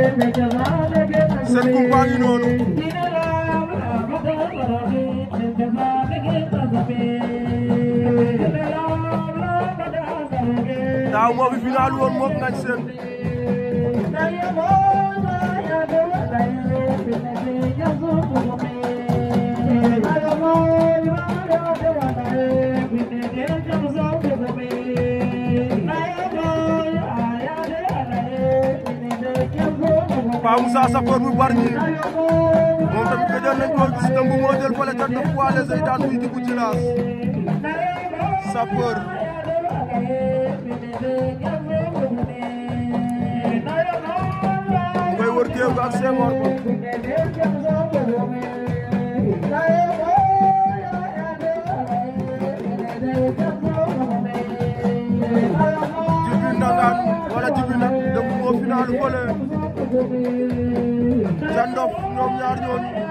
seen combat ngi noonu daaw moo fi final woon moom nañ seen Pa Moussa Sakor bu Bargny moom tamit gëjoon nañ koo gis dëmb moo jël fële ca dëpp waale say daan muy dugg ci laas wër géew ga ak Senghor Djiby Ndangane wala Djiby nag dëmb moo finaalu fële ca ndof ñoom ñaar ñooñu